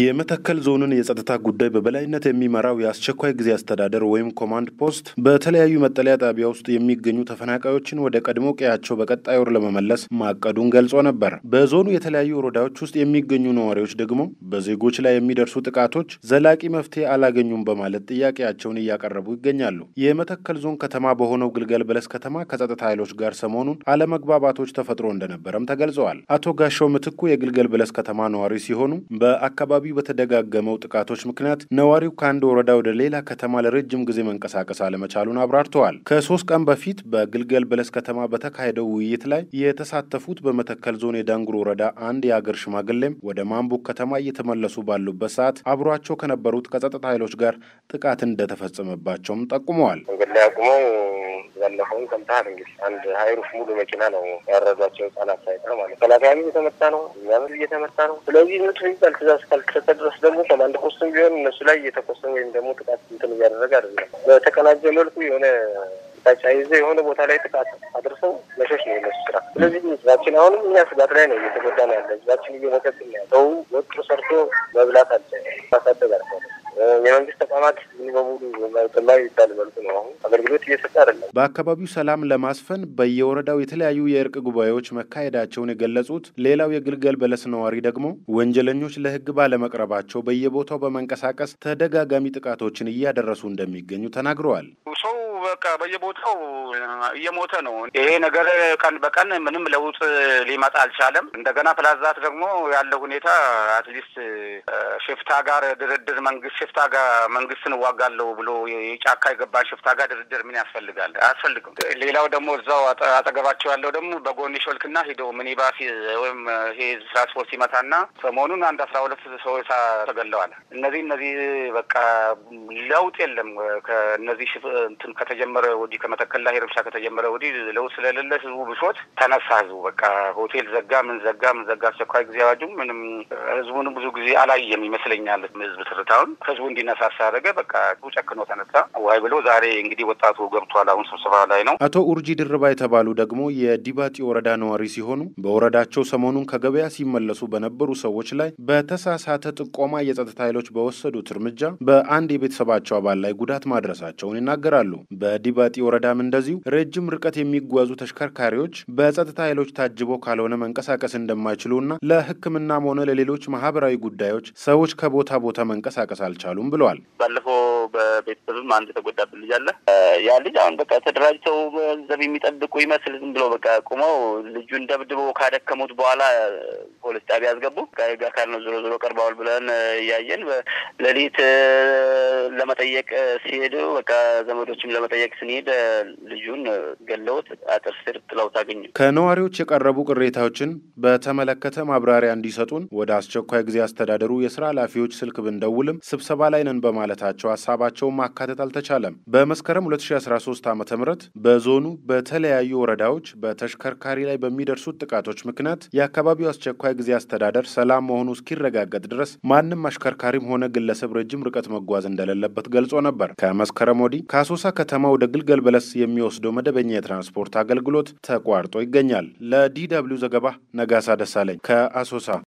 የመተከል ዞንን የጸጥታ ጉዳይ በበላይነት የሚመራው የአስቸኳይ ጊዜ አስተዳደር ወይም ኮማንድ ፖስት በተለያዩ መጠለያ ጣቢያ ውስጥ የሚገኙ ተፈናቃዮችን ወደ ቀድሞ ቀያቸው በቀጣይ ወር ለመመለስ ማቀዱን ገልጾ ነበር። በዞኑ የተለያዩ ወረዳዎች ውስጥ የሚገኙ ነዋሪዎች ደግሞ በዜጎች ላይ የሚደርሱ ጥቃቶች ዘላቂ መፍትሄ አላገኙም በማለት ጥያቄያቸውን እያቀረቡ ይገኛሉ። የመተከል ዞን ከተማ በሆነው ግልገል በለስ ከተማ ከጸጥታ ኃይሎች ጋር ሰሞኑን አለመግባባቶች ተፈጥሮ እንደነበረም ተገልጸዋል። አቶ ጋሻው ምትኩ የግልገል በለስ ከተማ ነዋሪ ሲሆኑ በአካባቢ በአካባቢው በተደጋገመው ጥቃቶች ምክንያት ነዋሪው ከአንድ ወረዳ ወደ ሌላ ከተማ ለረጅም ጊዜ መንቀሳቀስ አለመቻሉን አብራርተዋል። ከሶስት ቀን በፊት በግልገል በለስ ከተማ በተካሄደው ውይይት ላይ የተሳተፉት በመተከል ዞን የዳንጉር ወረዳ አንድ የአገር ሽማግሌም ወደ ማንቡክ ከተማ እየተመለሱ ባሉበት ሰዓት አብሯቸው ከነበሩት ከጸጥታ ኃይሎች ጋር ጥቃት እንደተፈጸመባቸውም ጠቁመዋል። ያለፈውን ሰምተሃል እንግዲህ አንድ ሀይሩፍ ሙሉ መኪና ነው ያረዷቸው ህጻናት ሳይቀር ማለት ተላጋሚ እየተመታ ነው፣ የሚያምር እየተመታ ነው። ስለዚህ ምት ይባል ትእዛዝ እስካልተሰጠ ድረስ ደግሞ ኮማንድ ፖስትም ቢሆን እነሱ ላይ እየተኮሰ ወይም ደግሞ ጥቃት እንትን እያደረገ አይደለም። በተቀናጀ መልኩ የሆነ ታጫይዘ የሆነ ቦታ ላይ ጥቃት አድርሰው መሸሽ ነው የነሱ ስራ። ስለዚህ ህዝባችን አሁንም እኛ ስጋት ላይ ነው እየተጎዳ ነው ያለ ህዝባችን እየመቀጥ ነው ሰው የመንግስት ተቋማት ሙሉ በሙሉ ይባል መልኩ ነው አሁን አገልግሎት እየሰጠ አይደለም። በአካባቢው ሰላም ለማስፈን በየወረዳው የተለያዩ የእርቅ ጉባኤዎች መካሄዳቸውን የገለጹት ሌላው የግልገል በለስ ነዋሪ ደግሞ ወንጀለኞች ለህግ ባለመቅረባቸው በየቦታው በመንቀሳቀስ ተደጋጋሚ ጥቃቶችን እያደረሱ እንደሚገኙ ተናግረዋል። ሰው በቃ በየቦታው እየሞተ ነው። ይሄ ነገር ቀን በቀን ምንም ለውጥ ሊመጣ አልቻለም። እንደገና ፕላዛት ደግሞ ያለው ሁኔታ አትሊስት ሽፍታ ጋር ድርድር መንግስት ሽፍታ ጋር መንግስት እዋጋለሁ ብሎ የጫካ የገባን ሽፍታ ጋር ድርድር ምን ያስፈልጋል? አያስፈልግም። ሌላው ደግሞ እዛው አጠገባቸው ያለው ደግሞ በጎን ሾልክና ሂዶ ሚኒባስ ወይም ይሄ ትራንስፖርት ሲመታና ሰሞኑን አንድ አስራ ሁለት ሰዎች ተገለዋል። እነዚህ እነዚህ በቃ ለውጥ የለም ከእነዚህ እንትን ከተ ከተጀመረ ወዲህ ከመተከል ላይ ረብሻ ከተጀመረ ወዲህ ለውጥ ስለሌለ ህዝቡ ብሶት ተነሳ። ህዝቡ በቃ ሆቴል ዘጋ፣ ምን ዘጋ፣ ምን ዘጋ። አስቸኳይ ጊዜ አዋጁም ምንም ህዝቡን ብዙ ጊዜ አላየም ይመስለኛል። ህዝብ ትርታውን ህዝቡ እንዲነሳሳ አደረገ። በቃ ጨክኖ ተነሳ። ዋይ ብሎ ዛሬ እንግዲህ ወጣቱ ገብቷል። አሁን ስብሰባ ላይ ነው። አቶ ኡርጂ ድርባ የተባሉ ደግሞ የዲባጢ ወረዳ ነዋሪ ሲሆኑ በወረዳቸው ሰሞኑን ከገበያ ሲመለሱ በነበሩ ሰዎች ላይ በተሳሳተ ጥቆማ የጸጥታ ኃይሎች በወሰዱት እርምጃ በአንድ የቤተሰባቸው አባል ላይ ጉዳት ማድረሳቸውን ይናገራሉ። በዲባጢ ወረዳም እንደዚሁ ረጅም ርቀት የሚጓዙ ተሽከርካሪዎች በጸጥታ ኃይሎች ታጅበው ካልሆነ መንቀሳቀስ እንደማይችሉና ለሕክምናም ሆነ ለሌሎች ማህበራዊ ጉዳዮች ሰዎች ከቦታ ቦታ መንቀሳቀስ አልቻሉም ብለዋል። ባለፈው በቤተሰብም አንድ የተጎዳብን ልጅ አለ። ያ ልጅ አሁን በቃ ተደራጅተው ገንዘብ የሚጠብቁ ይመስል ዝም ብሎ በቃ ቁመው ልጁን ደብድቦ ካደከሙት በኋላ ፖሊስ ጣቢያ ያስገቡ። ከህግ አካል ነው ዞሮ ዞሮ ቀርበዋል ብለን እያየን ሌሊት ለመጠየቅ ሲሄዱ በቃ ዘመዶችም ለመጠየቅ ስንሄድ ልጁን ገለውት አጥር ስር ጥለውት አገኙ። ከነዋሪዎች የቀረቡ ቅሬታዎችን በተመለከተ ማብራሪያ እንዲሰጡን ወደ አስቸኳይ ጊዜ አስተዳደሩ የስራ ኃላፊዎች ስልክ ብንደውልም ስብሰባ ላይ ነን በማለታቸው ሀሳብ ሀሳባቸውን ማካተት አልተቻለም። በመስከረም 2013 ዓ ም በዞኑ በተለያዩ ወረዳዎች በተሽከርካሪ ላይ በሚደርሱት ጥቃቶች ምክንያት የአካባቢው አስቸኳይ ጊዜ አስተዳደር ሰላም መሆኑ እስኪረጋገጥ ድረስ ማንም አሽከርካሪም ሆነ ግለሰብ ረጅም ርቀት መጓዝ እንደሌለበት ገልጾ ነበር። ከመስከረም ወዲህ ከአሶሳ ከተማ ወደ ግልገል በለስ የሚወስደው መደበኛ የትራንስፖርት አገልግሎት ተቋርጦ ይገኛል። ለዲ ደብልዩ ዘገባ ነጋሳ ደሳለኝ ከአሶሳ